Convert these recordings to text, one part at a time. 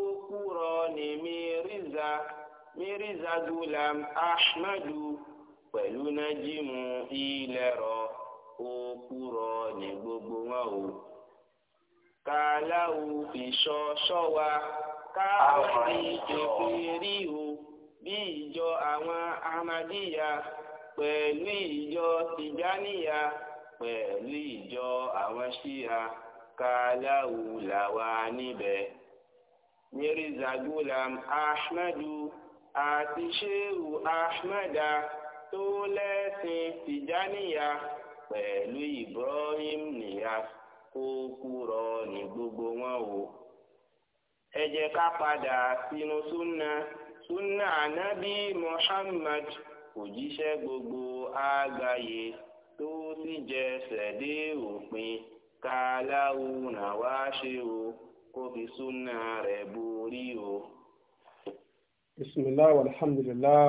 Òkúrọ̀ ni Mírízà Mírízà Gulam Ahmadu pẹ̀lú Nájímù Ilẹ̀rọ òkúrọ̀ ni gbogbo wọn o. Kàláwù ìṣọ́ ṣọ́wa káwọn ìjọ o bí ìjọ àwọn Ahmadiyya pẹ̀lú ìjọ Tìjáníyà pẹ̀lú ìjọ àwọn Ṣíà kàláwù làwa níbẹ̀. mirza gulam ahmadu ati Shehu ahmada tó lẹ́sìn tijaniya pẹ̀lú ibrahim niyas kó kúrọ ní gbogbo wọn o ẹ jẹ́ ká padà sínú súnà súnà ànábì muhammad òjíṣẹ́ gbogbo àgbáyé tó sì sede dé òpin ká Shehu. kó fi súnà rẹ̀ borí o. bisimilah walhamdulilah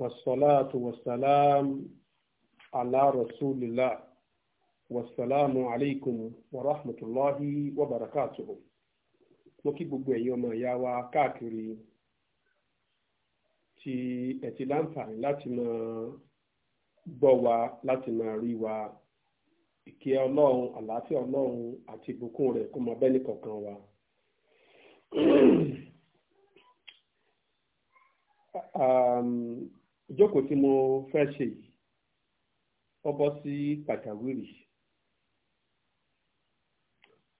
wasalaatu wasalaam ala rasulillah wasalaamu alaykum wa rahmatulahi wa barakatuhu mo kí gbogbo ẹ̀yin ọmọ ìyá wa káàkiri tí ẹ ti láǹfààní láti máa gbọ́ wa láti máa rí wa ike ọlọ́run àlàáfíà ọlọ́run àti ìbùkún rẹ̀ kó máa bẹ́ẹ̀ wa. ìjókòó tí mo fẹ́ ṣe yìí ó bọ́ sí pàjáwìrì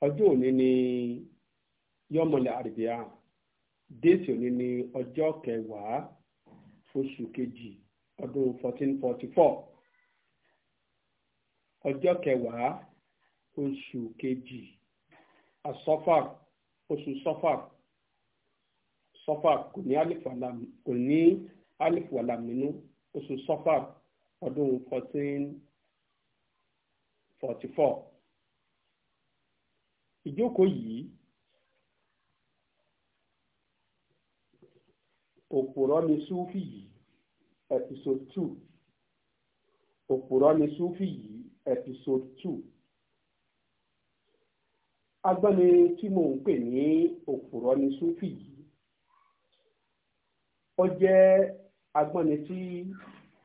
ọjọ́ òní ni yọ́mọlẹ̀ àrìbíà déètì òní ni ọjọ́ kẹwàá oṣù kejì ọdún fourteen forty four. ọjọ́ kẹwàá oṣù kejì asọ́fàr oṣù sọ́fàr sọ́fàr kò ní alifu alamínú oṣù sọ́fàr ọdún fourteen forty four ìjókòó yìí òpùrọ́ ni súfì yìí episode two òpùrọ́ ni súfì yìí episode two agbani tí mò ń pè ní òpùrọ́ ni sufi yìí ó jẹ́ agbọ́ni tí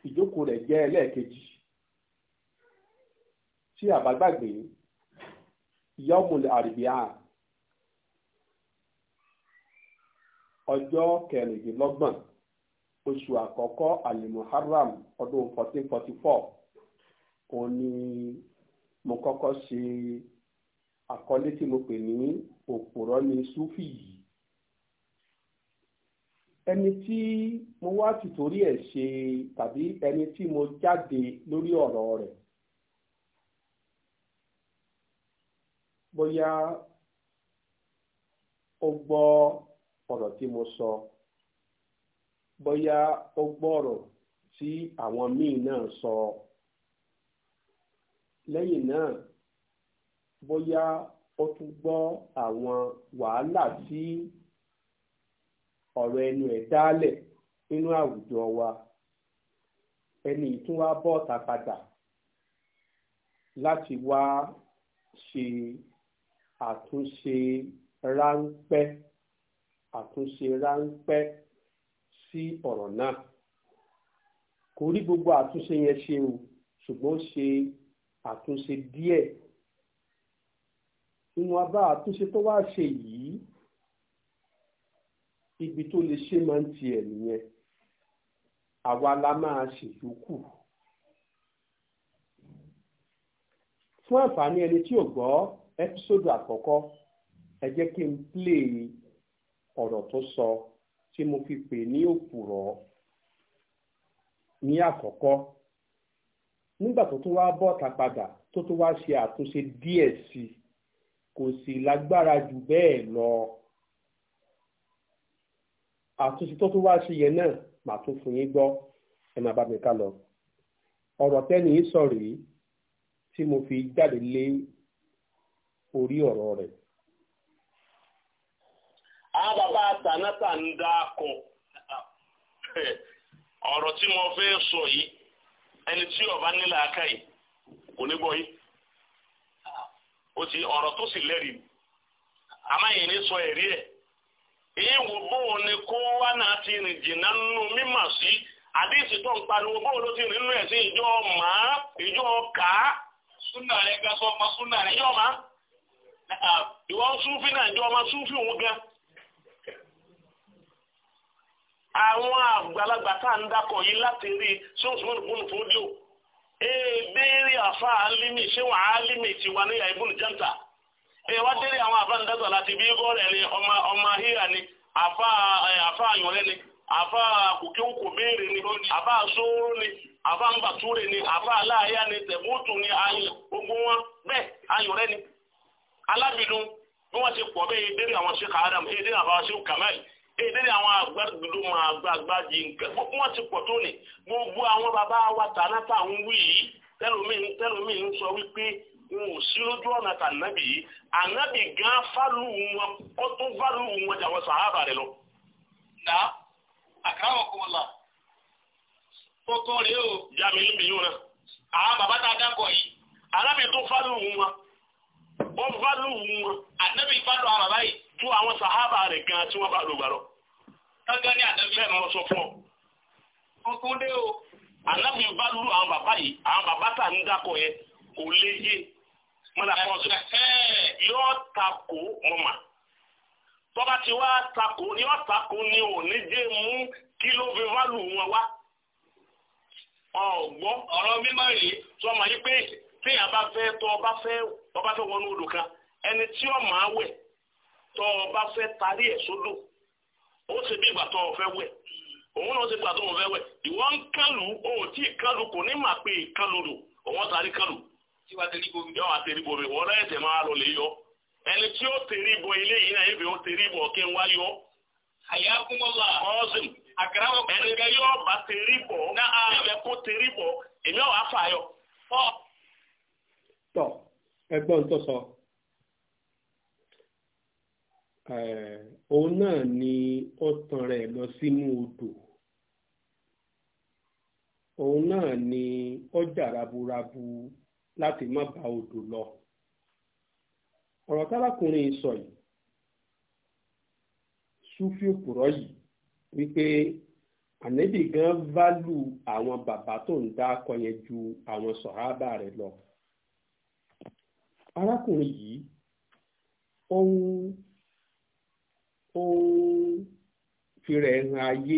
ìjókòó rẹ̀ jẹ́ ẹlẹ́ẹ̀kejì tí àbágbàgbé yọmùlẹ̀ àrìbíà ọjọ́ kẹrìndínlọ́gbọ̀n oṣù àkọ́kọ́ alimuharram ọdún fourteen forty four. ó ní mo kọ́kọ́ ṣe àkọlé tí mo pè ní òpòrọ́ ni súfì yìí ẹni tí mo wá tìtorí ẹ̀ ṣe tàbí ẹni tí mo jáde lórí ọ̀rọ̀ rẹ̀ bóyá ó gbọ́ ọ̀rọ̀ tí mo sọ bóyá ó gbọ́ ọ̀rọ̀ tí àwọn míì náà sọ. So lẹ́yìn náà bóyá ó tún gbọ́ àwọn wàhálà tí ọ̀rọ̀ ẹnu ẹ̀ dálẹ̀ nínú àwùjọ wa ẹni tún wá bọ́ ọ̀tá padà láti wá ṣe àtúnṣe ráńpẹ́ àtúnṣe ráńpẹ́ sí ọ̀rọ̀ náà kò rí gbogbo àtúnṣe yẹn ṣe o ṣùgbọ́n ṣe àtúnṣe díẹ̀ nínú abá àtúnṣe tó wá ṣe yìí ibi tó lè ṣe máa ń tiẹ̀ nìyẹn àwa la máa ṣèyókù fún àǹfààní ẹni tí ò gbọ́ ẹ́písódù àkọ́kọ́ ẹ jẹ́ kí n plé ọ̀rọ̀ tó sọ tí mo fi pè ní òpùrọ̀ ní àkọ́kọ́ nígbà tó tún wáá bọ́ta padà tó tún wáá ṣe àtúnṣe díẹ̀ sí i kò sì lágbára jù bẹ́ẹ̀ lọ àtúnṣe tó tún wáá ṣe yẹn náà màá tún fún yín gbọ́ ẹ máa bá mi ká lọ ọ̀rọ̀ tẹ́ni yìí sọ rèé tí mo fi jáde lé orí ọ̀rọ̀ rẹ̀. àwọn tànátà ń dá kan ọ̀rọ̀ tí mo fẹ́ sọ yìí ẹni tí ọba aka yìí kò ní gbọ́ yìí ti ọ̀rọ̀ tó sì lẹ́rìí àmọ́ yìí ní sọ ẹ̀rí ẹ̀ èyí wò bóun ni kó wá náà ti rìn jìnnà nínú mímọ̀ sí àdéhìsì tó ń pariwo bóun ló ti rìn nínú ẹ̀ sí ìjọ mọ́ ìjọ ká súnà rẹ̀ àwọn àgbàlagbà tá à ń yìí láti rí sọ́ọ̀sùmọ́nù bùnú fúdíò àfa alimi ṣéwà alimi tiwa ní àìbùnú jẹ́ǹtà èèwà délé àwọn àfa láti bí gọ́ọ̀rẹ̀ ọmọ ọmọ híyà ni àfa àfa àyànlẹ́ ni àfa béèrè ni àfa sóró ni àfa ńbàtúrè ni àfa aláàyà ni ni wọn bẹ́ẹ̀ àyànlẹ́ ni bí wọ́n ti pọ̀ bẹ́ẹ̀ àwọn ṣe àwọn ṣe kàmáì èdèrè àwọn àgbàdo máa gba àgbàjì nǹkan wọ́n ti pọ̀ tó ní gbogbo àwọn bàbá wa tàná táwọn wí yìí tẹ́lómìn tẹ́lómìn ń sọ wípé wọn ò sí lójú ọ̀nà tànàbì yìí ànábì gan fálù wọn ó tún fálù wọn jà wọn sàhábà rẹ lọ. nà àkàrà ọkọ wọn là ó rẹ o. ìyá níbi yóò náà. àwọn bàbá tá a dákọ̀ yìí. ànábì tó fálù wọn ó fálù wọn ànábì fálù àwọn yìí fún àwọn sàhábà rẹ̀ gan tí wọ́n bá lò gbàrọ̀. gángan ní àdàbí bẹ́ẹ̀ mọ́ sọ fún ọ. kókó dé o ànábì bá lúrú àwọn bàbá yìí àwọn bàbá tà ń dákọ̀ yẹn kò lè yé mọ́nà kan sọ yóò takò mọ́mà tọ́ba ti wá takò yóò takò ni ò ní jẹ́ mú kí fi válù wọn wá ọ̀gbọ́ ọ̀rọ̀ mímọ́ rèé tó ọmọ yìí pé téèyàn bá fẹ́ tó ọba fẹ́ wọnú odò kan ẹni tí ọmọ awẹ̀ tó o bá fẹ́ tarí ẹ̀ sódò ó ṣe bí ìgbà tó o fẹ́ wẹ̀ òun náà ṣe gbà tó o fẹ́ wẹ̀ ìwọ ń kálù o ò tí ì kálù kò ní mà pé kálù lò òun tarí kálù. tí wàá tẹ̀lé ibo mi. yọ àtẹ̀lé ibo mi wọ́n náà ẹ̀sẹ̀ máa lọ lè yọ ẹni tí ó tẹ̀lé ibo ilé yìí náà ebi ó tẹ̀lé ibo kí n wá yọ. àyà kúmọ́lá. ọ̀sìn ẹni tí yóò bá tẹ̀lé ibo ẹ̀fẹ̀ kó Eh, òun náà ni ó tan rẹ̀ lọ sínú odò òun náà ni ó jà raburabu láti má ba odò lọ ọ̀rọ̀ tábàkùnrin sọ yìí súfì òpùrọ̀ yìí wípé ànẹ́bì gan válù àwọn bàbá tó ń dá akọ yẹn ju àwọn sọ̀hábà rẹ̀ lọ arákùnrin yìí ohun ó fi rẹ̀ hàn ayé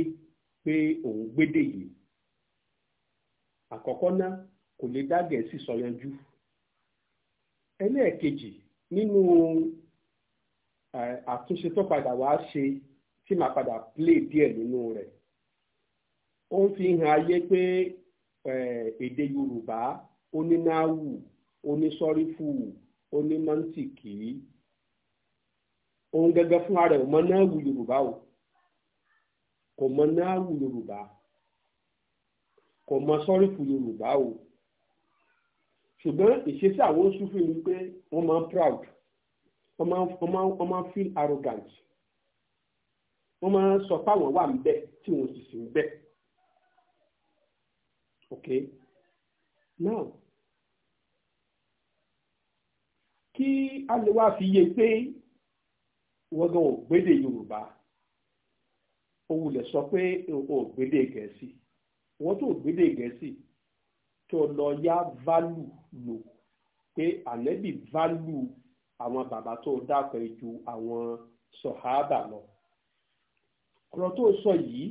pé òun gbédè yìí àkọ́kọ́ náà kò lè dá gẹ̀ẹ́sì sọyanjú. yanjú ẹlẹ́ẹ̀kejì nínú àtúnṣe tó padà wá ṣe tí màá padà play díẹ̀ nínú rẹ̀ ó ń fi hàn ayé pé èdè Yorùbá ó ní náàwù ó ní sọ́rífù ó ní mọ́ǹtìkì òun gẹ́gẹ́ fún ara ẹ̀ mọ náà wù yorùbá o kò mọ náà wù yorùbá kò mọ sọ́rífù yorùbá o ṣùgbọ́n ìṣesí àwọn oṣùfù ni pé wọ́n máa ń proud wọ́n máa ń wọ́n máa ń wọ́n máa ń feel arrogant wọ́n máa ń sọ fáwọn wà ń tí wọ́n sì sì ń bẹ̀ okay now kí a lè wá fi yé pé wọ́n gan ògbédè yorùbá ó wulẹ̀ sọ pé ògbédè gẹ̀ẹ́sì wọ́n tó ògbédè gẹ̀ẹ́sì tó lọ yá válù lò pé àlẹ́bì válù àwọn bàbá tó dápẹ́ ju àwọn sọ̀háàbà lọ. ọ̀rọ̀ tó sọ yìí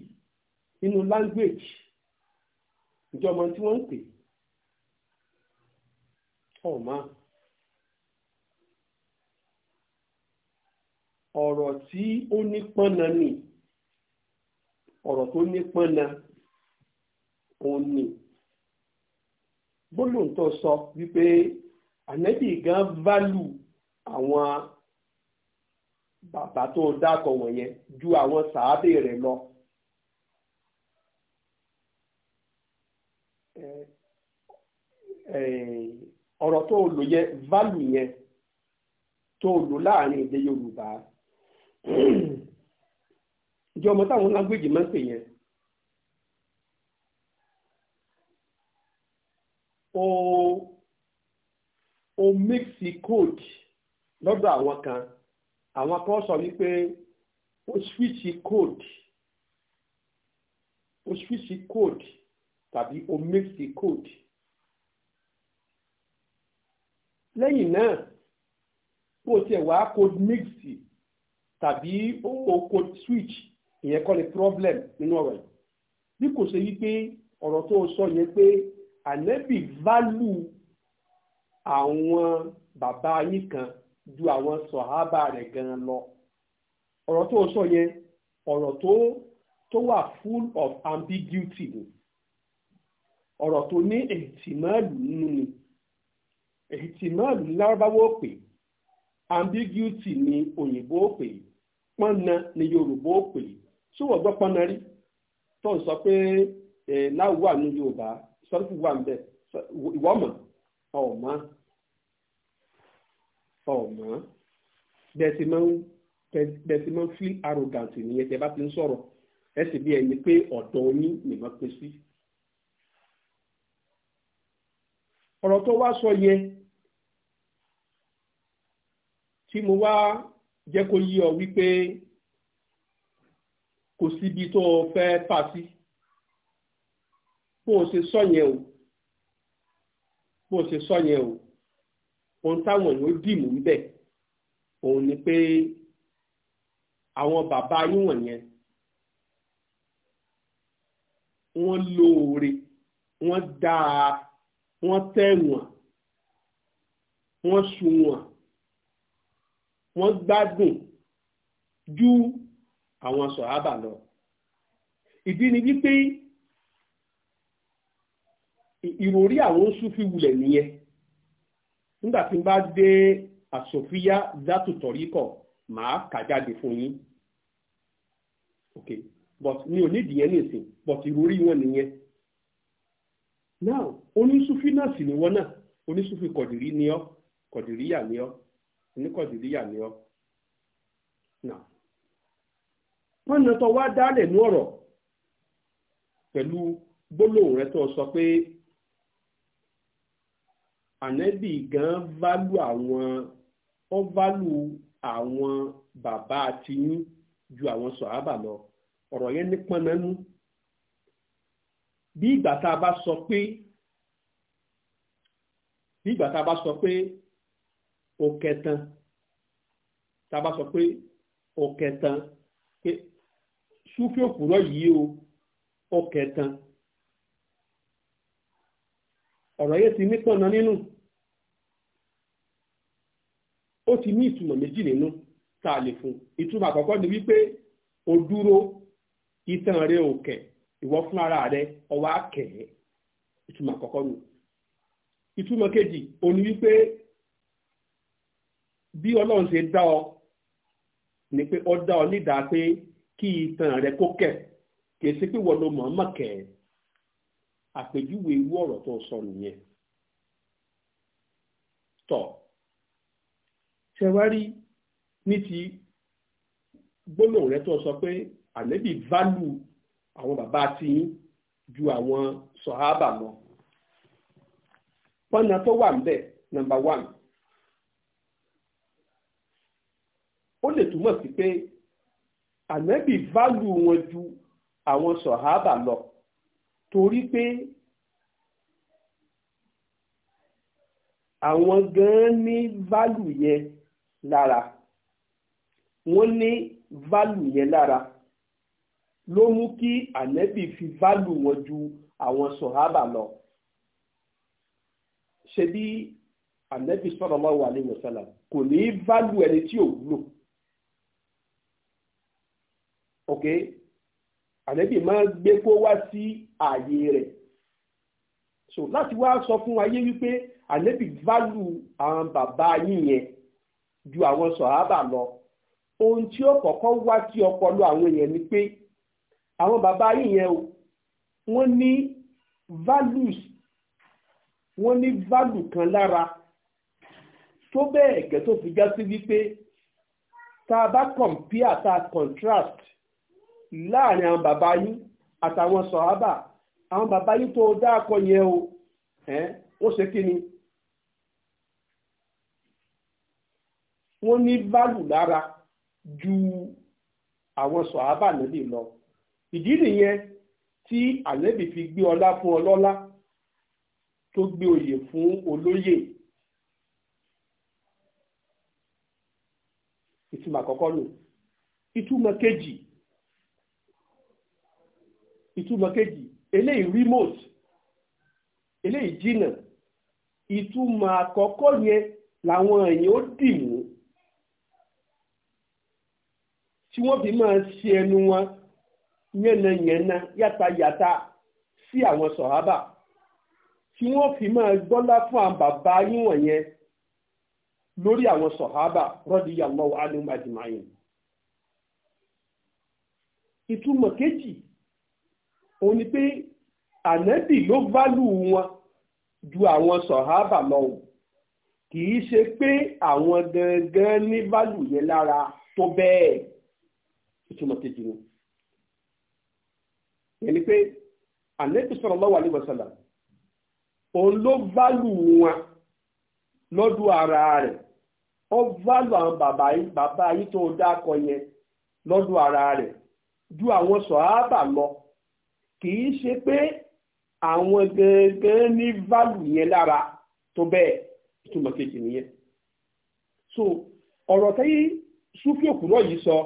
nínú language ìjọba tí wọ́n ń pè ọ̀ máa. ọ̀rọ̀ tí ó nípọnà ni ọ̀rọ̀ tó nípọnà òun ni gbólóhùn tó sọ wípé ànẹ́bì gan válù àwọn bàbá tó dákọ̀ wọ̀nyẹn ju àwọn sàábè rẹ̀ lọ. ọ̀rọ̀ tó lò yẹ válù yẹn tó lò láàrin èdè Yorùbá ìjọ ọmọ táwọn lágbèjì máa ń pè yẹn ó ó mixi code lọ́dọ̀ àwọn kan àwọn kan sọ wípé ó switchi code o switchi code tàbí o mixi code lẹ́yìn náà bó tiẹ̀ wá code mixi tàbí oko switch ìyẹn kọ́ ni problem nínú ọ̀rọ̀ yìí bí kò ṣe wípé ọ̀rọ̀ tó sọ yẹn pé ànẹ́bì value àwọn bàbá yín kan ju àwọn sọ̀hábà rẹ̀ gan lọ ọ̀rọ̀ tó sọ yẹn ọ̀rọ̀ tó tó wà full of ambiguity ni ọ̀rọ̀ tó ní ètìmọ́ọ̀lù nínú ni ètìmọ́ọ̀lù ní lárúbáwò ambiguity ni òyìnbó pè é pọ́nna ni yorùbá ó pè ṣé wọ́n gbọ́ pọ́nna rí tó ń sọ pé náà wà ní yorùbá sọ́dọ̀tì wà ń bẹ̀ ìwọ́mọ̀ ọ̀mọ́ ọ̀mọ́ bẹ̀sì máa ń bẹ̀sì máa ń feel arrogant nìyẹn tẹ́ bá ti ń sọ̀rọ̀ ẹ bí ẹni pé ọ̀dọ̀ yín nìkan pé sí. ọ̀rọ̀ tó wá sọ yẹ tí mo wá jẹ́ kó yí ọ wípé kò síbi tó o fẹ́ fà sí bó o ṣe sọ yẹn o bó o ṣe sọ yẹn o ohun táwọn èèyàn dìmú ń bẹ̀ òun ni pé àwọn bàbá yín wọ̀nyẹn wọ́n lóore wọ́n dáa wọ́n tẹ̀wọ̀n wọ́n sunwọ̀n wọ́n gbádùn ju àwọn sọ̀hábà lọ ìdí ni wípé ìròrí àwọn súnfì wulẹ̀ nìyẹn nígbà tí n bá dé àsòfíà dátù tọ̀ríkọ̀ màá kà jáde fún yín ok but mi ò nídìí yẹn nìsín but ìròrí wọn nìyẹn now onísúfì náà sì ni wọn náà onísúfì kọ̀dìrí ni ọ́ kọ̀dìríyà ni ọ́ oníkọ̀dìríyà ni ọ́ wọ́n nà tó wá dálẹ̀ ní ọ̀rọ̀ pẹ̀lú gbólóhùn rẹ tó sọ pé ànẹ́bì gan válù àwọn ó válù àwọn bàbá àti yín ju àwọn sọ̀hábà lọ ọ̀rọ̀ yẹn ní pọnmẹ́nu bí ìgbà tá a bá sọ pé bí ìgbà tá a bá sọ pé ó kẹtàn sọ pé ó pé súfì òpùrọ́ yìí o ó kẹtàn yẹn ti nípọ̀nà nínú ó ti ní ìtumọ̀ méjì nínú tá a lè fún o dúró ìtàn rẹ ìwọ fún ara rẹ nù o ní wípé bí ọlọ́run ṣe dá ọ ni pé ọ dá ọ nídàá pé kí itan rẹ kó kẹ̀ kì í ṣe pé wọ́n ló mọ̀ọ́mọ̀ kẹ̀ àpèjúwe irú ọ̀rọ̀ tó sọ nìyẹn. tọ́ ṣẹwárí ní ti gbólóhùn rẹ tó sọ pé àlébì válù àwọn bàbá tiyín ju àwọn sọ̀hábà lọ. pọ́nà tó wà ń bẹ̀ nọ́mbà one túmọ̀ sí pé ànábì válù wọn ju àwọn sọ̀hábà lọ torí pé àwọn gan ní válù yẹn lára wọ́n ní válù yẹn lára ló mú kí ànábì fi válù wọn ju àwọn sọ̀hábà lọ ṣe bí ànábì sallallahu alaihi wasallam kò ní válù ẹni tí ò wúlò òkè ànábì máa gbé kó wá sí ààyè rẹ̀ so láti wá sọ fún ayé wípé ànábì válù àwọn bàbá yín yẹn ju àwọn sọ̀hábà lọ ohun tí ó kọ́kọ́ wá sí ọpọlọ àwọn èèyàn ni pé àwọn bàbá yín yẹn o wọ́n ní values wọ́n ní value kan lára tó bẹ́ẹ̀ gẹ́ tó fi já sí wípé tá a bá compare tá a contrast láàrin àwọn bàbá yín àtàwọn sọ̀hábà àwọn bàbá yín tó dáàkọ yẹn o wọ́n ṣe kí ni wọ́n ní válù lára ju àwọn sọ̀hábà nílì lọ ìdí nìyẹn tí àlẹ́bì fi gbé ọlá fún ọlọ́lá tó gbé oyè fún olóyè ìtumọ̀ àkọ́kọ́ nù ìtumọ̀ kejì ìtumọ̀ kejì eléyìí remote eléyìí jìnnà ìtumọ̀ àkọ́kọ́ yẹn làwọn èèyàn ó dì mú tí wọ́n fi máa ṣe ẹnu wọn yánnayànna yàtayàta sí àwọn sọ̀hábà tí wọ́n fi máa gbọ́lá fún àwọn bàbá yín wọ̀nyẹn lórí àwọn sọ̀hábà radiyallahu anhum ajma'in. ìtumọ̀ kejì òun ni pé ànábì ló válù wọn ju àwọn sọ̀hábà lọ o kì í ṣe pé àwọn gangan ní válù yẹn lára tó bẹ́ẹ̀ ìtumọ̀ kejì ni yẹn ni pé ànábì sallallahu alaihi wasallam òun ló válù wọn lọ́dún ara rẹ̀ ó válù àwọn bàbá yìí bàbá yìí tó dákọ yẹn lọ́dún ara rẹ̀ ju àwọn sọ̀hábà lọ kì í ṣe pé àwọn gangan ní válù yẹn lára tó bẹ́ẹ̀ ìtumọ̀ kejì nìyẹn so ọ̀rọ̀ tẹ́yí súfì òkúrọ̀ yìí sọ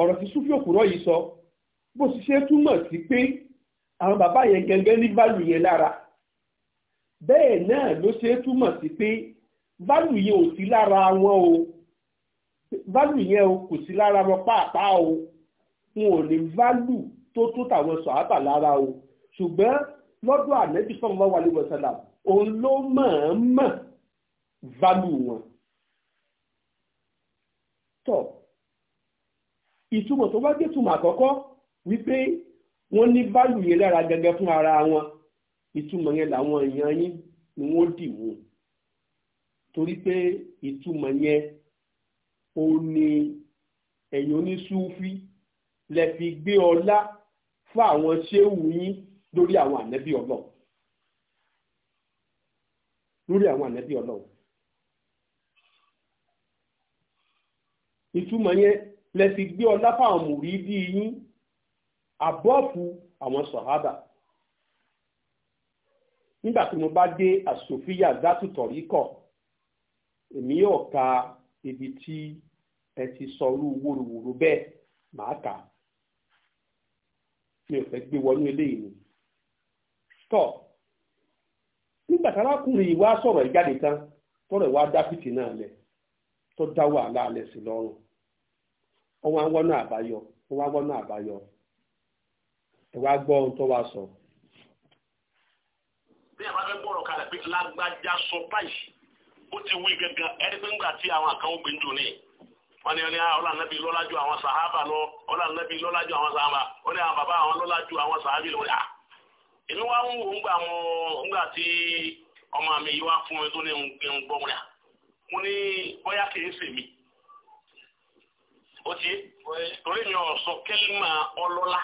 ọ̀rọ̀ tí súfì òkúrọ̀ yìí sọ bó sì ṣe túmọ̀ sí pé àwọn bàbá yẹn gangan ní válù yẹn lára bẹ́ẹ̀ náà ló ṣe é túmọ̀ sí pé válù yẹn ò sí lára wọn o válù yẹn o kò sí lára wọn pàápàá o wọn ò ní válù tó tó tàwọn sọ̀hábà lára o ṣùgbọ́n lọ́dọ̀ ànẹ́bí sallallahu alaihi wasallam òun ló mọ̀ọ́mọ̀ válù wọn. tọ́ ìtumọ̀ tó wá dé túmọ̀ àkọ́kọ́ wípé wọ́n ní válù yẹn lára gẹ́gẹ́ fún ara wọn ìtumọ̀ yẹn làwọn èèyàn yín ni wọ́n dì mú torí pé ìtumọ̀ yẹn ó ní ẹ̀yin oníṣúfí lẹ fi gbé ọlá fún àwọn ṣéwù yín lórí àwọn ànẹ́bí ọlọ́run lórí àwọn ànẹ́bí ọlọ́run ìtumọ̀ yẹn lẹ fi gbé ọlá fún àwọn mùrí yín àbọ́ọ̀fù àwọn sọ̀hábà. nígbà tí mo bá dé àsòfíà zátùtọ̀rí kọ̀ èmi yóò ka ibi tí ẹ ti sọ sọrú wóróworó bẹ́ẹ̀ màá kà á mi ò fẹ́ gbé wọnú eléyìí ni. tọ́ nígbà tí arákùnrin yìí wá sọ̀rọ̀ ìjáde tán tọ́rọ̀ ìwà dáfìtì náà lẹ̀ tó dá wàhálà alẹ́ sí lọ́rùn ọwọ́ àwọn náà àbáyọ ọwọ́ àwọn náà àbáyọ ẹ wá gbọ́ ohun tó wá sọ. So. bí ẹ̀ bá fẹ́ gbọ́rọ̀ kalẹ̀ pé lágbájá sọ báyìí ó ti wí gangan ẹni pé ńgbà tí àwọn àkànwó gbé ń dùn ní wọ́n ní ah, ọlá nàbí lọ́lájú àwọn sàhábà lọ ọlá nàbí lọ́lájú àwọn sàhábà wọ́n ní àwọn bàbá àwọn lọ́lájú àwọn sàhábì lọ yà. Ah! èmi wá ń wò ńgbà mọ ńgbà tí ọmọ mi yìí wá fún mi tó ní ń gbọ́ wọn yà mo ní bóyá kì í sè mi. ó ti torí mi ò sọ kẹ́límà ọlọ́lá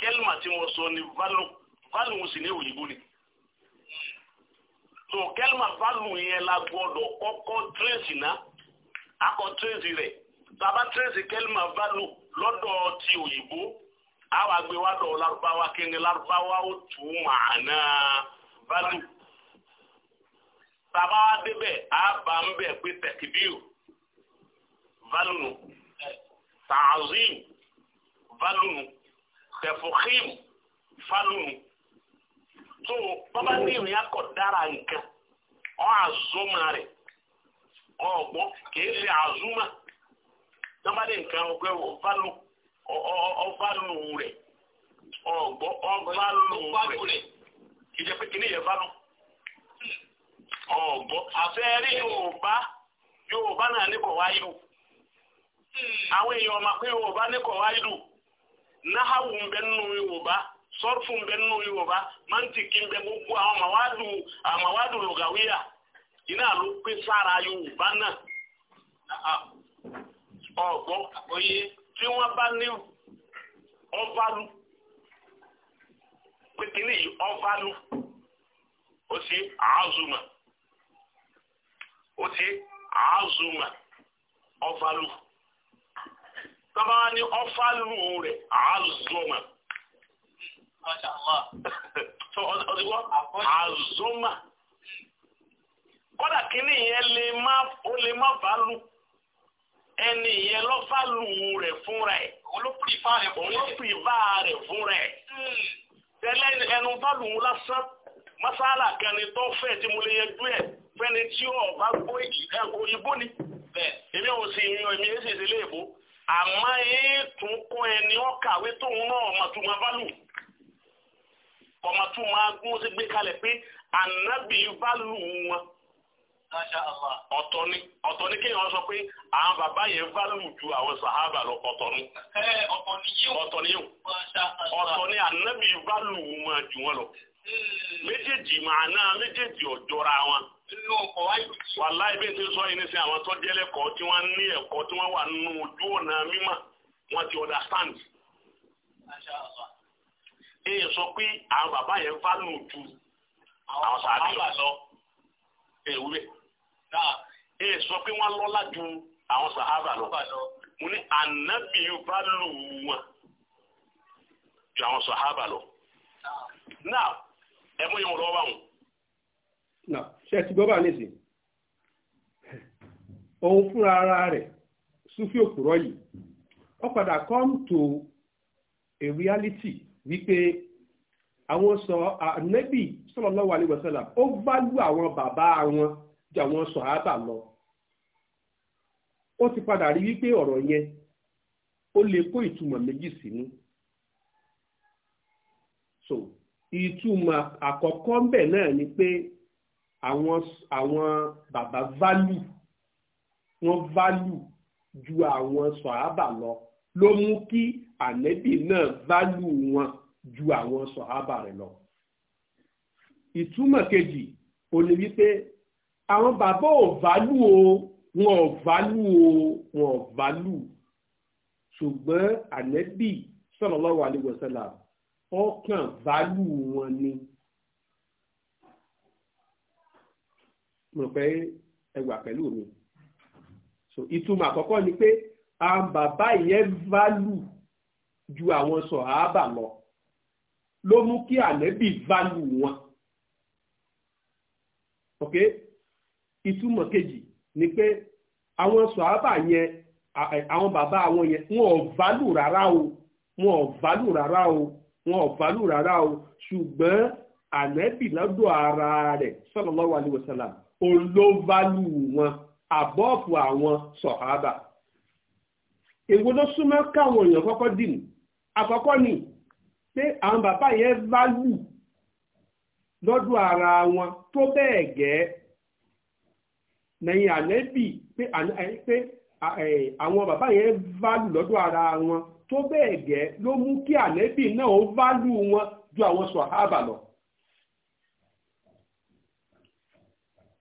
kẹ́límà tí mo sọ ní value fálùú sì ní òyìnbó ni tó kẹ́lìmà fálùú yẹn la gbọ́dọ̀ kọ́kọ́ tírèsì náà akọ tírèsì rẹ̀ bàbá tírèsì kẹ́lìmà fálùú lọ́dọ̀ ti òyìnbó àwọn agbèwádọ̀ lárúbáwá kíni lárúbáwá ó tù ú màánà fálùú bàbá wa débẹ̀ á bá ń bẹ̀ pé tẹ̀kíbíù fálùú tààzìm fálùú tẹ̀fọ̀kìm fálùú. so bàbá n'ihu ya kọdara nke ọ ọ́ àzúmọ̀ ọgbọ ọ̀gbọ́n kìí ṣe ọgbọ bàbá ní nǹkan ọgbọ ọgbọ rẹ̀ ọ̀gbọ́n ọ̀fálù rẹ̀ kìí ọgbọ ọgbọ kìí yẹ fálù sọ́rùfù ń bẹ nínú yorùbá mantiki ń bẹ gbogbo àwọn màwádù àmàwádù lùgàwíyà iná ló pé sára yorùbá náà ọ̀gbọ́ oyè tí wọ́n bá ní ọ̀fàlù pé kìíní yìí ọ̀fàlù ó sì àázùmà ó sì àázùmà ọ̀fàlù tọ́ba ní ọ̀fàlù rẹ̀ àázùmà. àzọ́mà kódà kínní yẹn lè má ó lè má bàálù ẹni yẹn lọ fàlù rẹ̀ fúnra ẹ̀ òun ló pìfà rẹ̀ fúnra ẹ̀ hmm. tẹ́lẹ̀ ẹnu bàálù lásán masala kẹni tó fẹ́ tí mo lè yẹjú ẹ̀ fẹ́ni tí ó bá gbọ́ òyìnbó ni èmi ò sì yan èmi èsì ìdílé ìbò àmọ́ èé tún kọ́ ẹni ọ̀kàwé tóun náà màtúmọ̀ bàálù. ọmọ ma máa gún gbé kalẹ̀ pé anabi value wọn ọ̀tọ̀ ni ọ̀tọ̀ ni kéèyàn sọ pé àwọn bàbá yẹn value ju àwọn sàhábà lọ ọ̀tọ̀ ni ọ̀tọ̀ ni yíò ọ̀tọ̀ ni ànábì wọn jù wọn lọ hmm. méjèèjì màánà méjèèjì ọ̀jọ́ra wọn wàláì wala ebe ti sọ yìí ní sin àwọn tí wọ́n ní ẹ̀kọ́ tí wọ́n e sọ pé àwọn bàbá yẹn fálù ju àwọn sàbí lọ ewúrẹ́ èyí sọ pé wọ́n ju àwọn sàhábà lọ mo ní ànábì bá lù wọn ju àwọn sàhábà lọ. náà ẹ mú ìwọ̀n lọ́wọ́ àwọn. ti gbọ́ bá òun fúnra ara rẹ̀ sufi òpùrọ̀ yìí ó padà come to a reality wípé àwọn sọ ànábì sallallahu alaihi wasallam ó válú àwọn bàbá wọn ju àwọn sọ̀hábà lọ ó ti padà rí wípé ọ̀rọ̀ yẹn ó lè kó ìtumọ̀ méjì sínú so ìtumọ̀ àkọ́kọ́ ńbẹ̀ náà ni pé àwọn àwọn bàbá válù wọn válù ju àwọn sọ̀hábà lọ ló mú kí ànẹ́bì náà válù wọn ju àwọn sọ̀hábà rẹ̀ lọ. ìtumọ̀ kejì ò ní wípé àwọn bàbá ò válù o wọn ò válù o wọn ò válù ṣùgbọ́n ànẹ́bì sallallahu alaihi wasallam ọkàn válù wọn ni. mo rò pé ẹgbà pẹ̀lú mi. ìtumọ̀ àkọ́kọ́ ni pé àwọn bàbá yẹn válù ju àwọn sọ̀hábà lọ ló mú kí ànẹ́bì válù wọn. ok ìtumọ̀ kejì ni pé àwọn sọ̀hábà yẹn àwọn bàbá àwọn yẹn wọn ò válù rárá o wọn ò válù rárá o wọn ò válù rárá o ṣùgbọ́n ànẹ́bì lọ́dọ̀ ara rẹ̀ sallallahu alaihi wasallam olóvalù wọn àbọ̀ọ̀fù àwọn sọ̀hábà. So èwo ló súnmọ́ káwọn èèyàn kọ́kọ́ dì àkọ́kọ́ ni pé àwọn bàbá yẹn válù lọ́dún ara wọn tó bẹ́ẹ̀ gẹ́ lẹ́yìn ànẹ́bì pé àwọn bàbá yẹn válù lọ́dún ara wọn tó bẹ́ẹ̀ gẹ́ ló mú kí ànẹ́bì náà ó válù wọn ju àwọn sọ̀hábà lọ.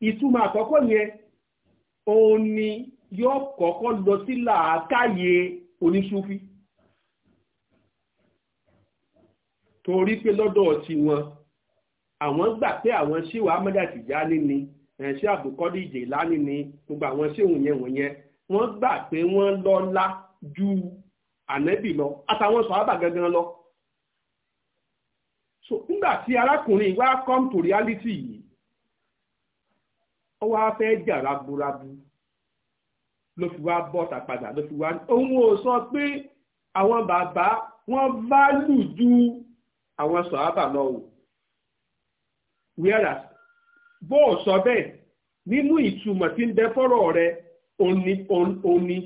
ìtumọ̀ àkọ́kọ́ yẹn òun ni yóò kọ́kọ́ lọ sí làákàyè oníṣúfí torí pé lọ́dọ̀ ti wọn àwọn gbà pé àwọn ṣíwà amẹ́dà Tìjání ni ẹ̀ṣẹ́ àbùkọ́dí Jẹ̀lání ni gbogbo àwọn ṣéhùn yẹn wọ̀nyẹn wọ́n gbà pé wọ́n lọ́lá ju ànẹ́bì lọ àtàwọn sọ̀hábà gangan lọ so nígbà tí arákùnrin wa come to reality yìí ó wá fẹ́ jà raburabu. Rabu ló fi wá bọ́ta padà ló fi wá òun ò sọ pé àwọn bàbá wọ́n válù ju àwọn sọ̀hábà lọ o whereas bó o sọ bẹ́ẹ̀ nínú ìtumọ̀ tí ń bẹ fọ́rọ̀ rẹ òní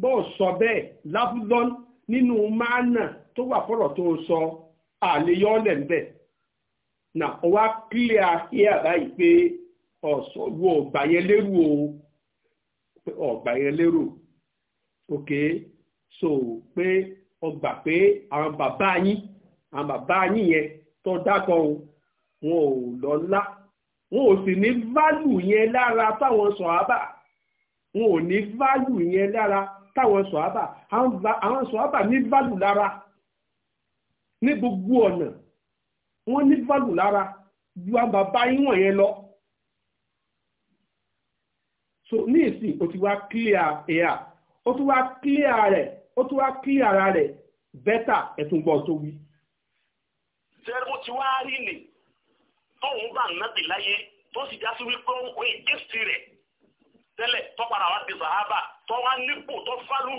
bó o sọ bẹ́ẹ̀ lábúlọ́n nínú máànà tó wà fọ́rọ̀ tó o sọ àlèyọ́ ọ̀lẹ̀ ń bẹ̀ na ó wá clear here báyìí pé ọ̀sọ̀ wo ọ̀gbà yẹn lérú o ọgbà yẹn lérò ok so pé ọgbà pé àwọn bàbá yín àwọn bàbá yín yẹn tó dákọ wọn ò lọ́lá wọn ò sì ní válù yẹn lára táwọn sọ̀hábà wọn ò ní válù yẹn lára táwọn sọ̀hábà àwọn sọ̀hábà ní válù lára ní gbogbo ọ̀nà wọ́n ní válù lára ju àwọn bàbá yín wọ̀nyẹn lọ so ní ìsìn o ti wá clear air o ti wá clear rẹ̀ o ti wá clear ara rẹ̀ bẹ́tà ẹ̀tún gbọ́ tó wí. sẹ́rù ti wá rí ni tóun bá nàbì láyé tó sì já sí wípé ó ń pè gẹ́sì rẹ̀ tẹ́lẹ̀ tó padà wá di sàhábà tó wá nípò tó fálù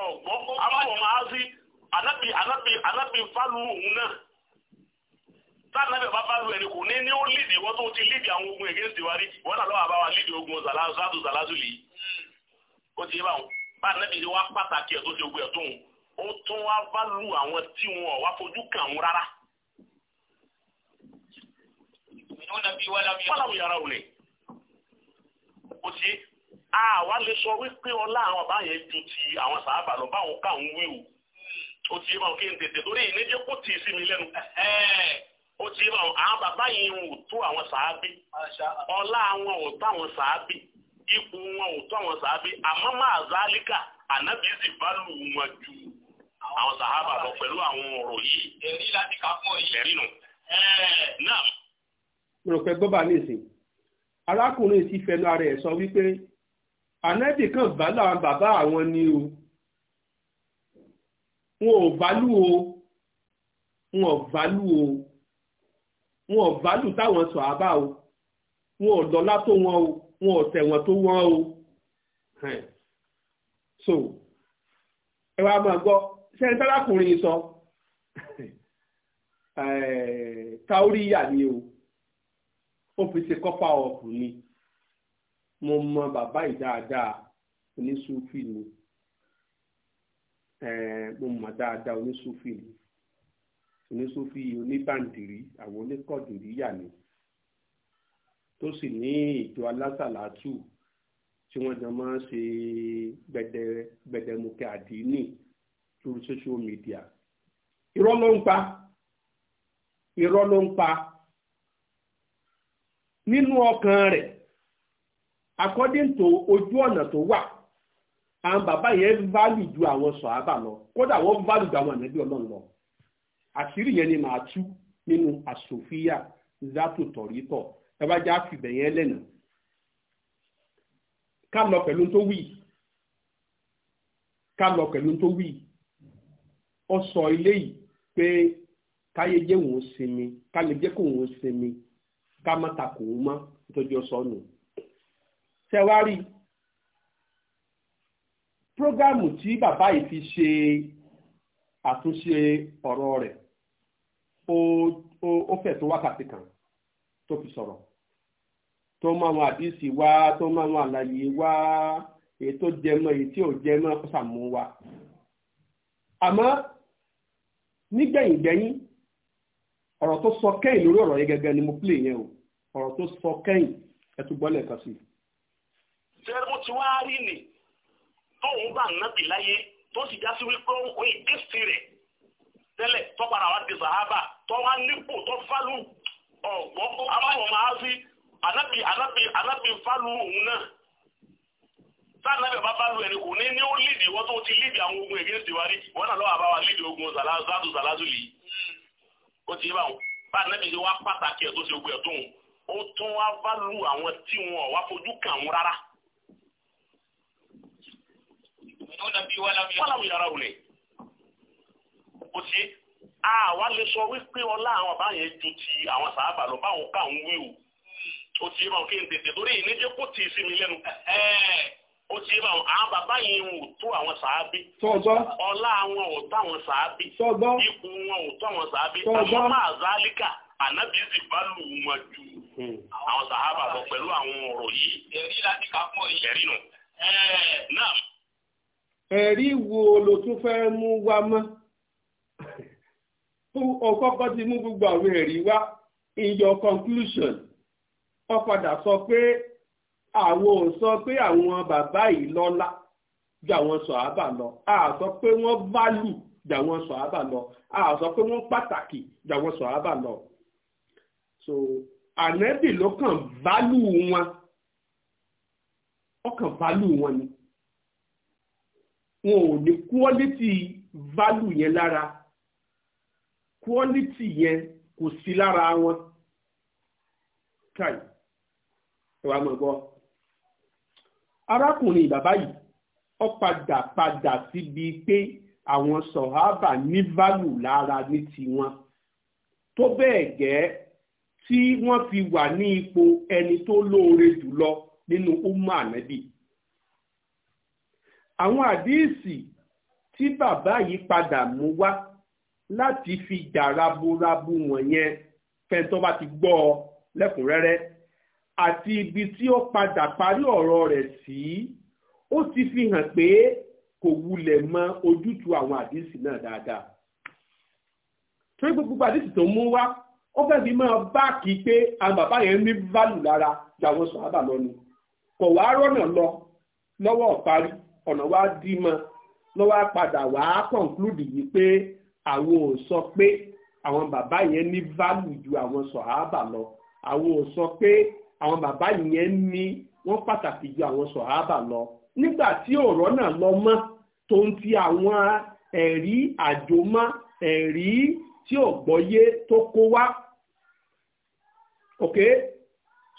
ọ̀gbọ́n àwọn ọmọ àá sí anábì anábì anábì òun náà táàbí náà bá bá rú ẹni kò ní ní ó lìdí wọ́n tó ti lìdí àwọn ogun against ìwárí wọ́n náà lọ́wọ́ àbáwá lìdí ogun zalazu zalazu lì í ó ti bá wọn bá nẹ́bí ti wá pàtàkì ẹ̀ tó ti ogun ẹ̀ tó wọn ó tún wá bá rú àwọn tí wọn wá fojú kàn wọn rárá. wọ́n làwọn yàrá òní ó ti àwa lè sọ wípé ọlá àwọn àbáyẹn ju ti àwọn sàábà lọ báwọn káwọn wí o ó ti yé wọn kí n tètè torí ìníjẹ́ kó tì í sí mi lẹ́nu ó ti rọ àwọn bàbá yìí ń tó àwọn sàábì ọlá àwọn ò tó àwọn sàábì ipò wọn ò tó àwọn sàábì àmọ́ máa zálíkà ànábì sì bá lù wọn ju àwọn sàábà lọ pẹ̀lú àwọn ọ̀rọ̀ yìí. èrí láti kà fún ọyìn. èrí nù. náà. mo rò pé gbọ́bà nísìn arákùnrin ti fẹnu ara ẹ̀ sọ wípé ànábì kan bá láwọn bàbá àwọn ni o wọn ò bá lù o wọn ò bá lù o wọn ò bálù táwọn sọ àbá o wọn ò dọ́lá tó wọn o wọn ò tẹ̀wọ̀n tó wọn o. so ẹ wá máa gbọ́ sẹ́ni tálákùnrin sọ táóríyà ni o ó fi ṣe kọ́pà ọkùnrin mo mọ bàbá yìí dáadáa oníṣúfì ni mo mọ dáadáa oníṣúfì ni onísúfì oníbàǹdìrí àwọn oníkọ̀dìrí yà ni tó sì ní ìjọ alásàlátù tí wọ́n jọ máa ń ṣe gbẹdẹmukẹ àdínì lórí social media irọ́ ló ń pa irọ́ ló ń pa nínú ọkàn rẹ̀ according to ojú ọ̀nà tó wà àwọn bàbá yẹn válù ju àwọn sọ̀hábà lọ kódà wọ́n válù ju àwọn ànábì ọlọ́run lọ àṣírí yẹn ni màá tú nínú àsòfíà zato tọ̀rítọ̀ ẹ bá já fìbẹ̀ yẹn lẹ́nà ká lọ pẹ̀lú tó wì ká lọ pẹ̀lú tó wì ó sọ ilé yìí pé káyé jẹ́ òun sinmi ká lè kó òun sinmi ká má ta kò mọ́ nítorí ọsọ nù ṣẹwárí prógámù tí bàbá yìí fi ṣe àtúnṣe ọ̀rọ̀ rẹ̀ ó fẹ̀ tó wákàtí kan tó fi sọ̀rọ̀ tó mú àwọn àdìsí wá tó mú àwọn àlàyé wá èyí tó jẹmọ́ èyí tí ò o ó sàmú wá àmọ́ nígbẹ̀yìngbẹ̀yìn ọ̀rọ̀ tó sọ kẹ́yìn lórí ọ̀rọ̀ yẹn gẹ́gẹ́ ni mo play yẹn o ọ̀rọ̀ tó sọ kẹ́yìn ẹ tún gbọ́ lẹ́ẹ̀kan sí i. ṣé mo ti wá rí ni tóun bá nábì láyé tó sì já sí wípé òun ìdísí rẹ̀ tẹ́lẹ̀ tó padà di sàhábà tó wá nípò tó fálù ọ̀gbọ́n àwọn ọmọ áfí anábì anábì anábì fálù òun náà sáànàbì bá fálù ẹni kò ní ní ó lìdì wọ́n tó ti lìdì àwọn ogun ègé ìdìwárí wọ́n náà lọ́wọ́ àbáwá lìdì ogun zàlázù zàlázù lì ó ti bá wọn sáànàbì ṣe wá pàtàkì ẹ̀ tó ṣe ogun ẹ̀ tó wọn ó tún wá fálù àwọn tí wọn wá fojú kàn wọn rárá. wọ́n làwọn yàrá òun ni kò àwa lè sọ wípé ọlá àwọn bàbá yẹn ju ti àwọn sàábà lọ báwọn ká ń wí o ó ti yé báwọn kí n tètè torí ìníjẹ́ kó tì í sí mi lẹ́nu ó ti yé báwọn àwọn bàbá yẹn ò tó àwọn sàábì ọlá wọn ò tó àwọn sàábì ipò wọn ò tó àwọn sàábì àwọn máa zálíkà ànábì sì bá lù wọn ju hmm. àwọn sàábà lọ pẹ̀lú àwọn ọ̀rọ̀ yìí ẹ̀rí láti kà pọ̀ yìí ẹ̀rí nù. ẹ̀rí wo lo tún fẹ́ mú wá mọ́ ọkọ̀ọ̀kọ́ ti mú gbogbo àwọn ẹ̀rí wá in your conclusion ó padà sọ pé àwọn ò sọ pé àwọn bàbá yìí lọ́lá ju àwọn sọ̀hábà lọ a sọ pé wọ́n válù ju àwọn sọ̀hábà lọ a sọ pé wọ́n pàtàkì ju àwọn sọ̀hábà lọ so ànẹ́bì ló kàn value, wọn ọkàn válù wọn ni wọn ò ní quality value yẹn lára quality yẹn kò sí lára wọn káì ẹ wàá mọ̀ gbọ́ arákùnrin bàbá yìí ó padà padà síbi pé àwọn sọ̀hábà ní válù lára ní tiwọn tó bẹ́ẹ̀ gẹ́ tí wọ́n fi wà ní ipò ẹni tó lóore jùlọ nínú umma ànábì àwọn àdíìsì tí bàbá yìí padà mú wá láti fi jà raburabu wọ̀nyẹn fẹ́ntọ́ bá ti gbọ́ ọ lẹ́kùnrẹ́rẹ́ àti ibi tí ó padà parí ọ̀rọ̀ rẹ̀ sí ó ti fi hàn pé kò wulẹ̀ mọ ojútùú àwọn àdìsí náà dáadáa. torí gbogbo àdìsí tó mú wá ó fẹ́ fi máa bá kí pé àwọn bàbá yẹn ní válù lára jàwọn sọ̀hábà lọ́nu kò wá rọ́nà lọ lọ́wọ́ parí ọ̀nà wá dí mọ́ lọ́wọ́ padà wá kọ̀ǹklúdì yìí pé àwọn ò sọ pé àwọn bàbá yẹn ní válù ju àwọn sọ̀hábà lọ àwọn ò sọ pé àwọn bàbá yẹn ní wọ́n pàtàkì ju àwọn sọ̀hábà lọ nígbà tí ọ̀rọ̀ náà lọ mọ́ tó ń ti àwọn ẹ̀rí àjòmọ́ ẹ̀rí tí ọ̀gbọ́yé tó kó wá ok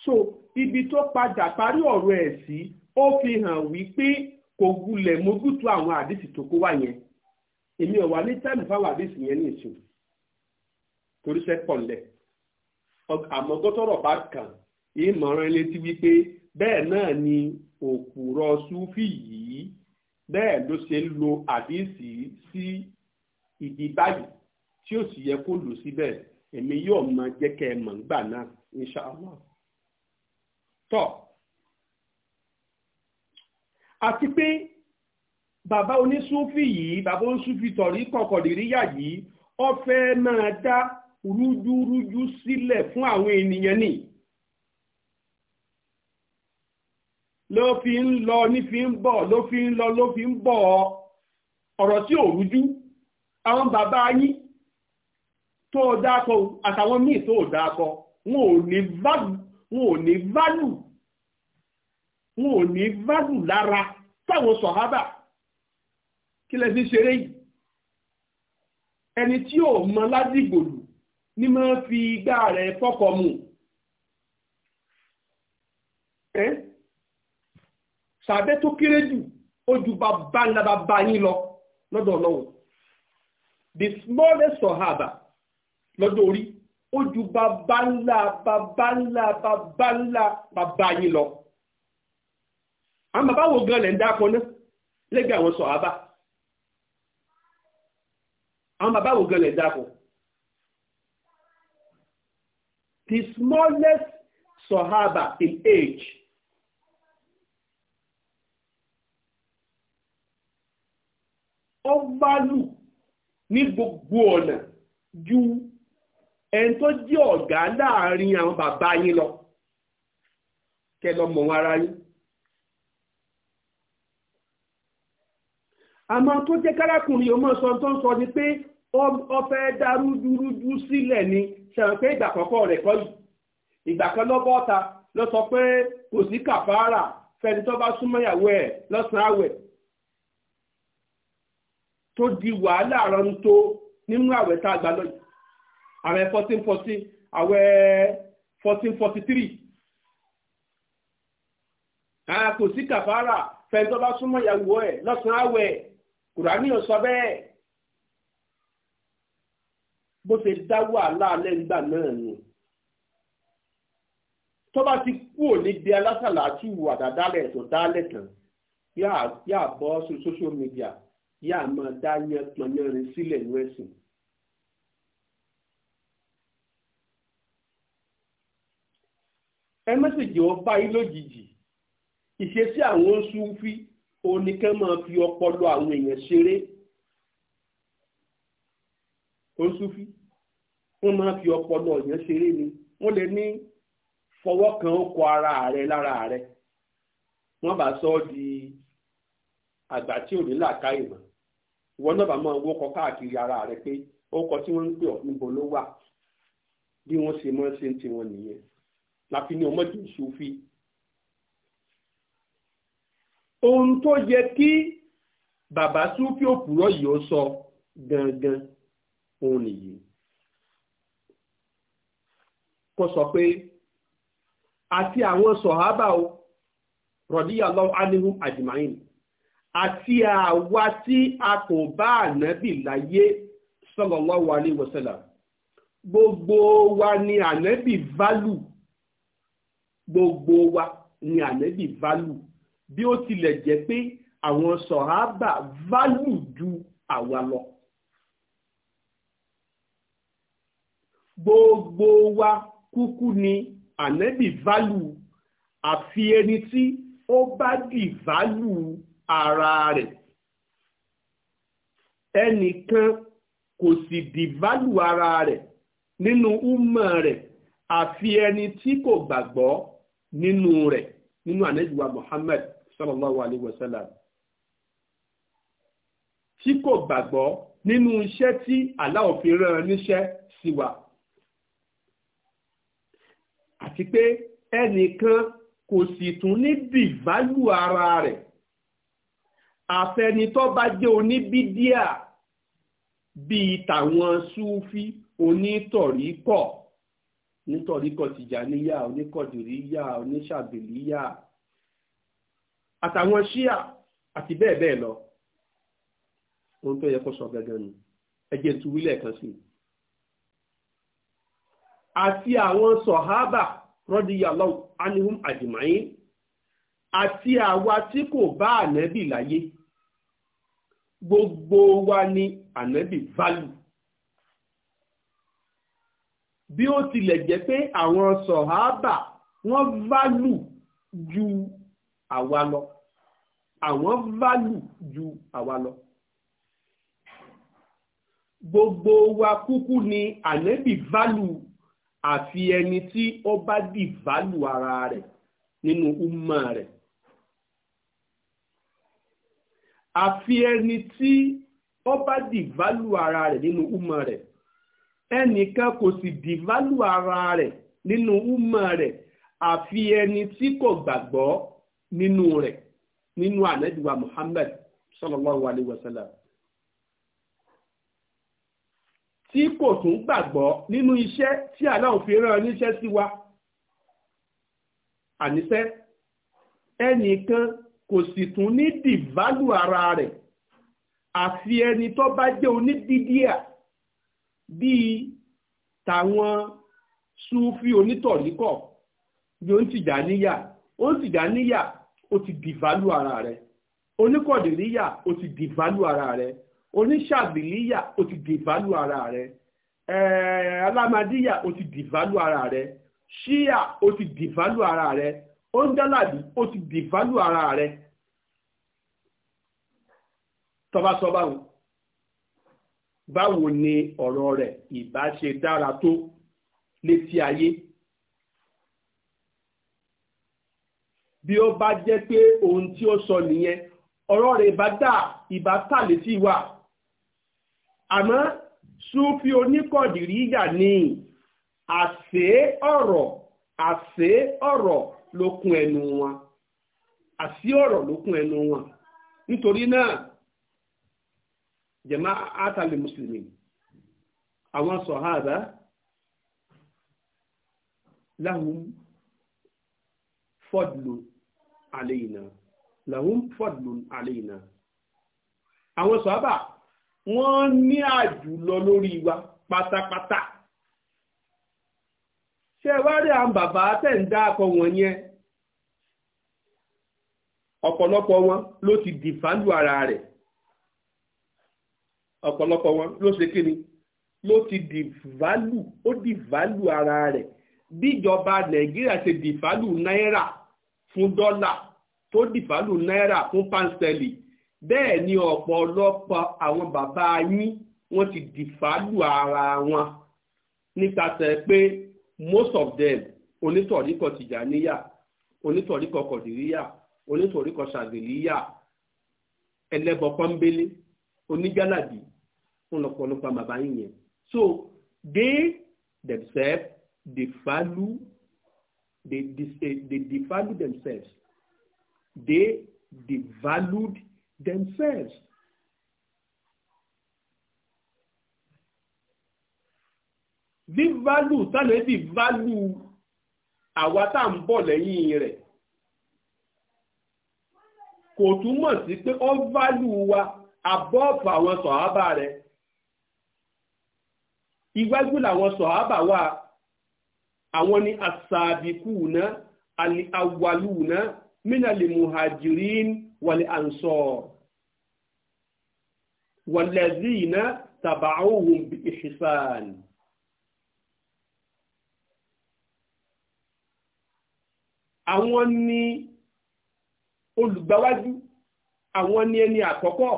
so ibi tó padà parí ọ̀rọ̀ ẹ̀ sí ó fi hàn wípé kò gulẹ̀ mójútó àwọn àdìsí tó kó wá yẹn èmi ò wà ní táìmù fáwọn àdìsí yẹn ní ìsìn torí ṣẹ́ pọ̀ lẹ̀ àmọ́ gọ́tọ̀rọ̀ bá kàn ìmọ̀ràn létí wípé bẹ́ẹ̀ náà ni òpùrọ̀ súfì yìí bẹ́ẹ̀ ló ṣe ń lo àdìsí sí ìdí báyìí tí ó sì yẹ kó lò síbẹ̀ èmi yóò máa jẹ́ kẹ́ ẹ mọ̀ nígbà náà inṣàlá. tọ́ àti pé bàbá onísúfì yìí bàbá onísúfì tọ̀rí kọ̀kọ̀dìríyà yìí ó fẹ́ máa dá rújúrújú sílẹ̀ fún àwọn ènìyàn ni ló fi ń lọ ní fi ń bọ̀ ló fi ń lọ ló fi ń bọ̀ ọ̀rọ̀ tí ò rújú àwọn bàbá yín tó dákọ àtàwọn míì tó dákọ wọn ò ní value wọn ò ní value wọn ò ní value lára táwọn sọ̀hábà kí lẹ fi ṣeré yìí ẹni tí ò mọ ládìgbòlù ni máa fi igbá rẹ̀ fọ́kọ mu ẹ sàbẹ tó kéré jù ó ju bàbá ńlá bàbá yín lọ lọ́dọ̀ Ọlọ́run the smallest sọhábà lọ́dọ̀ orí ó ju bàbá ńlá bàbá ńlá bàbá ńlá bàbá yín lọ àwọn bàbá wo gan lẹ ń dákọ náà lẹ́gbẹ̀ẹ́ àwọn sọhábà àwọn bàbá wo gan lè the smallest sahaba in age ó válù ní gbogbo ọ̀nà ju ẹni tó jẹ́ ọ̀gá láàrin àwọn bàbá yín lọ kẹlọ mọ̀ wọn ara yín. àmọ́ tó jẹ́ kárákùnrin yóò mọ̀ sọ tó ń sọ ni pé ó fẹ́ darúdúrúdú sílẹ̀ ni ṣẹ̀wọ̀n pé ìgbà àkọ́kọ́ rẹ̀ kọ́ yìí ìgbà kan lọ́bọ̀ ọ̀ta ló sọ pé kò sí kàfàárà fẹ́ni tó bá súnmọ́ ìyàwó ẹ̀ lọ́sàn-án àwẹ̀ tó di wàhálà rọrùn tó nínú àwẹ̀ tá a gbà lọ́yìn àwẹ̀ fourteen forty àwẹ̀ fourteen forty kò sí kàfàárà fẹ́ni tó bá súnmọ́ ìyàwó ẹ̀ lọ́sàn-án àwẹ̀ kùránì ò sọ bẹ́ẹ̀. bó ṣe dá wàhálà lẹ́ngbà náà ni tó bá ti kú òní bí alásàlá tí ìwà dàdálẹ̀ tó dálẹ̀ tán yáà bọ́ sí social media yáà máa dá yẹn pọnyẹrin sílẹ̀ ní ẹ̀sìn. ẹ mẹ́sàgì ọba yìí lójijì ìṣesí àwọn Sufi oníkẹ́ máa fi ọpọlọ àwọn èèyàn ṣeré tó ń súfí wọ́n máa fi ọpọlọ yẹn ṣeré ni wọ́n lè ní fọwọ́ kan ó kọ ara rẹ lára rẹ wọ́n bá sọ ọ́ di àgbà tí ò ní làákàyè mọ́ ìwọ náà bá máa wọ́kọ̀ káàkiri ara rẹ pé ó kọ tí wọ́n ń pè ọ́ níbo ló wà bí wọ́n ṣe mọ́ ṣe ń tiwọn nìyẹn láfi ní ọmọdé ìṣòfì ohun tó yẹ kí bàbá súnfì òpùrọ́ yìí ó sọ gangan òun nìyí kó sọ pé àti àwọn sọ̀hábà o radiyallahu anhum ajma'in àti àwa tí a kò bá ànábì láyé sallallahu alaihi wasallam gbogbo wa ni ànábì válù gbogbo wa ni ànábì válù bí ó tilẹ̀ jẹ́ pé àwọn sọ̀hábà válù ju àwa lọ. gbogbo wa kúkú ni ànẹ́bì válù àfi ẹni tí ó bá dì válù ara rẹ̀ ẹnìkan kò sì dì válù ara rẹ̀ nínú úmọ̀ rẹ̀ àfi ẹni tí kò gbàgbọ́ nínú rẹ̀ nínú ànẹ́bì wa Muhammad sallallahu alayhi wa sallam tí kò gbàgbọ́ nínú iṣẹ́ tí Allah fi rán níṣẹ́ sí wa àti pé ẹnìkan kò sì tún ní dìválù ara rẹ̀ àfẹnitọ́ bá jẹ́ oníbídíà bíi tàwọn súfí onítọ̀ríkọ̀ onítọ̀ríkọ̀ tìjàníyà oníkọ̀dìríyà oníṣàbìlíyà àtàwọn ṣíà àti bẹ́ẹ̀ bẹ́ẹ̀ lọ ohun tó yẹ kó sọ gẹ́gẹ́ ni ẹjẹ́ tuwílẹ̀ kan sí àti àwọn sọ̀hábà radiyallahu anhum ajma'in àti àwa tí kò bá ànẹ́bì láyé gbogbo wa ni ànẹ́bì value bí ó tilẹ̀ jẹ́ pé àwọn sọ̀hábà wọ́n válù ju àwa lọ àwọn válù ju àwa lọ gbogbo wa kúkú ni ànẹ́bì válù àfi ẹni tí ó bá dìválù ara ninu nínú umma rẹ̀ àfi ẹni tí ó bá dìválù ara rẹ̀ nínú umma rẹ̀ ẹnìkan kò sì dìválù ara rẹ̀ nínú umma rẹ̀ àfi ẹni tí kò gbàgbọ́ nínú rẹ̀ nínú ànábì wa Muhammad sallallahu alayhi wa sallam. tí kò tún gbàgbọ́ nínú iṣẹ́ tí Allah fi rán níṣẹ́ sí wa àníṣe ẹnìkan kò sì tún ní dìválù ara rẹ̀ àfi ẹni tó bá jẹ́ onídídíà bíi tàwọn súfì onítọ̀ríkọ̀ yóò ń tìjà níyà ó ń tìjà níyà ó ti dìválù ara rẹ̀ oníkọ̀dìríyà ó ti dìválù ara rẹ̀ oníṣàbìlíyà o ti dìválù ara rẹ eh, alámadíyà o ti dìválù ara rẹ ṣíà o ti dìválù ara rẹ ondalabi o ti dìválù ara rẹ tọba sọ báwo báwo ni ọ̀rọ̀ rẹ̀ ìbá ṣe dára tó létí ayé bí ó bá jẹ́ pé ohun tí ó sọ nìyẹn ọ̀rọ̀ rẹ̀ ìbá dà ìbá tà létí wa àmọ́ súfì yà ni àṣé ọ̀rọ̀ ase ọ̀rọ̀ lókun ẹnu wọn àṣé ọ̀rọ̀ lókun ẹnu wọn nítorí náà jẹ̀má átàlẹ̀ mùsùlùmí àwọn sọ̀háàbá láhùn fọ́dùlù àlẹ́ fọ́dùlù àlẹ́ àwọn wọ́n ní lọ lórí wa pátápátá ṣe wá rí àwọn bàbá tẹ̀ ń dá wọn yẹn ọ̀pọ̀lọpọ̀ wọn ló ti dìfàlù ara rẹ̀ ọ̀pọ̀lọpọ̀ wọn ló ṣe kíni ló ti ó fún dọ́là tó dìfàlù náírà fún pánṣẹ́lì bẹ́ẹ̀ ni ọ̀pọ̀lọpọ̀ àwọn bàbá yín wọ́n ti dìfàlù ara wọn nípasẹ̀ pé most of them onítọ̀ríkọ̀ tìjàníyà onítọ̀ríkọ̀ kọ̀dìríyà onítọ̀ríkọ̀ ṣàdìríyà ẹlẹ́bọ pọ́nbélé onígálàbí fún ọ̀pọ̀lọpọ̀ bàbá yín yẹn so they themselves they value eh, they, they, they, they value themselves they devalued themselves. Bí value tálẹ̀ bí value àwa tá ń bọ̀ lẹ́yìn rẹ̀ kò túmọ̀ sí pé ó value wa above àwọn sọ̀hábà rẹ. Iwájú làwọn sọ̀hábà wà àwọn ni àsàbìkú náà, àlì àwàlù muhajirin والأنصار والذين تبعوهم بإحسان àwọn ni olùgbàwájú àwọn ni ẹni àkọ́kọ́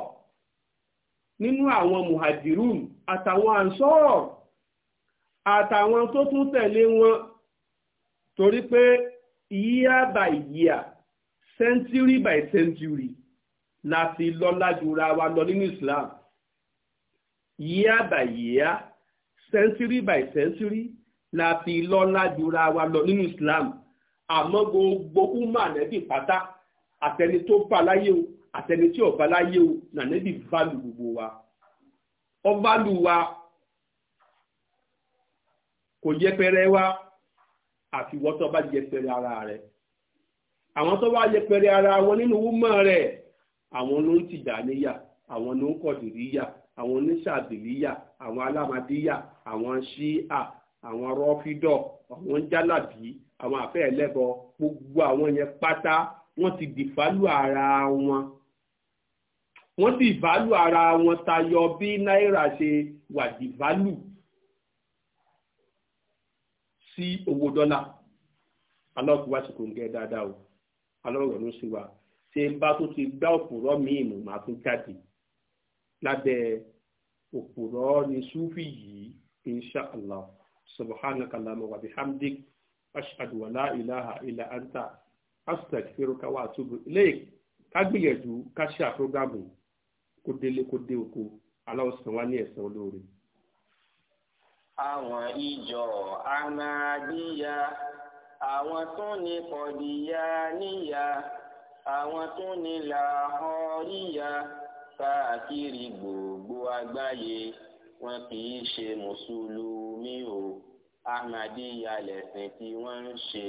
nínú àwọn muhajirun àtàwọn ansọ́ọ̀ àtàwọn tó tún tẹ̀lé wọn torí pé ìyá bá century by century la fi lọ́lá jura wa lọ nínú Islam year by year century by century la fi lọ́lá jura wa lọ nínú Islam àmọ́ gbogbo umma nẹ́bí pátá àtẹni tó bá láyé o àtẹni tí ọba láyé o nànẹ́bí válù gbogbo wa ọválù wa kò yẹpẹrẹ wa àfiwọ́tọ́ bá yẹpẹrẹ ara rẹ̀ àwọn tó wá yẹpẹrẹ ara wọn nínú wúmọ rẹ àwọn ló ń tìjàníyà àwọn ló ń kọdìríyà àwọn oníṣàbìlíyà àwọn alámadíyà àwọn ṣíà àwọn rọfídọ àwọn jálàbí àwọn àfẹ ẹlẹbọ gbogbo àwọn yẹn pátá wọ́n ti dìfálù ara wọn wọ́n ti ìbálù ara wọn tayọ bí náírà ṣe wà dìválù sí owó dọ́là aláàkúwá ṣe kò ń gẹ́ dáadáa o ọlọ́run ló sì wá ṣe ń bá tó ti gbá òpùrọ́ míì mú màá tún jáde lábẹ́ òpùrọ́ ni súfì yìí insha allah subhanaka allahumma wa bihamdik ashhadu wa la ilaha illa anta astaghfiruka wa atubu ilayk ká gbìyànjú ká ṣe àpọ́gàmù kó délé kó dé oko aláwòsàn wa ní ẹ̀san olóore. àwọn ìjọ ahmadiyya àwọn tún ní kọ̀díyà níyà àwọn tún ní làhọ́ríyà káàkiri gbogbo àgbáyé wọn kì í ṣe mùsùlùmí o ahmadiyya lẹ̀sìn tí wọ́n ń ṣe.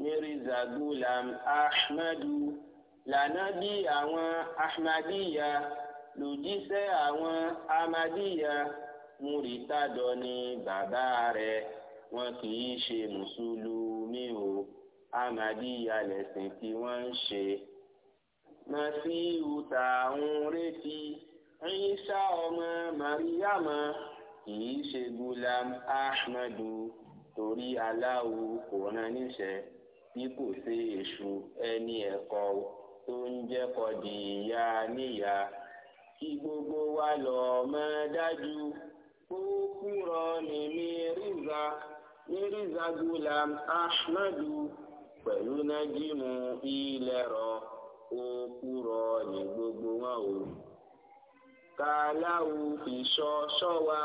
mirza gulam ahmadu lànábì àwọn ahmadiyya lòjíṣẹ́ àwọn ahmadiyya múritádọ ni bàbá rẹ̀ wọn kì í ṣe mùsùlùmí o amadi lẹ̀sìn tí wọ́n ń ṣe. Masihu tá à ń retí Ìsá ọmọ Màríyàmá kì í ṣe Gulam Ahmadu torí Allahu kò rán níṣẹ́ bí kò ṣe èṣù ẹni ẹ̀kọ́ tó ń jẹ́kọ̀ di ìyá níyà kí gbogbo wa lọ́ọ́ mọ̀ dájú kó kúrọ̀ ní Mírízà mirizagulam ahmadu pẹ̀lú nájímù ilẹ̀rọ òkúrọ̀ ní gbogbo wọn o. kàláwù ìṣọ́ ṣọ́wa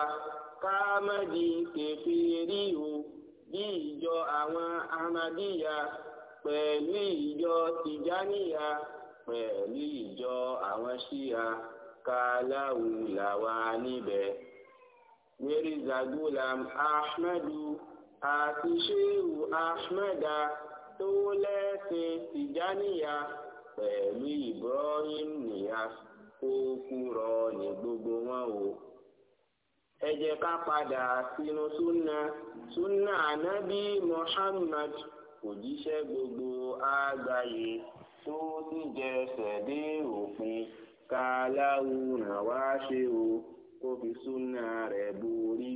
káàmọ́dì kẹfìrí o bí ìjọ àwọn amadíyà pẹ̀lú ìjọ tìjáníyà pẹ̀lú ìjọ àwọn ṣíya kàláwù làwa níbẹ̀. mirizagulam ahmadu. àti sheu ahmeda tó lẹ́sìn tìjáníyà pẹ̀lú ibrahim niyas kó kúrọ ní gbogbo wọn o ẹ jẹ́ ká padà sínú súnà súnà ànábì muhammad òjíṣẹ́ gbogbo àgbáyé tó ti jẹsẹ̀ dé òpin ká láwùrán wá ṣe o kó fi súnà rẹ̀ borí.